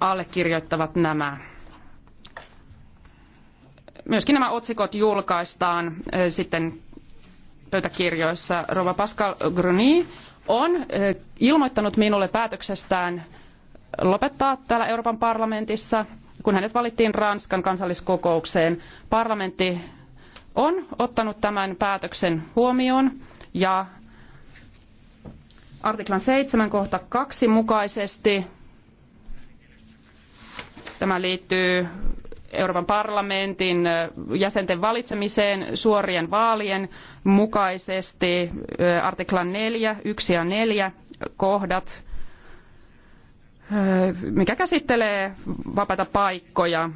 allekirjoittavat nämä. Myöskin nämä otsikot julkaistaan sitten pöytäkirjoissa. Rova Pascal Gruny on ilmoittanut minulle päätöksestään lopettaa täällä Euroopan parlamentissa, kun hänet valittiin Ranskan kansalliskokoukseen. Parlamentti on ottanut tämän päätöksen huomioon ja artiklan 7 kohta 2 mukaisesti Tämä liittyy Euroopan parlamentin jäsenten valitsemiseen suorien vaalien mukaisesti artiklan 4, 1 ja 4 kohdat, mikä käsittelee vapaita paikkoja.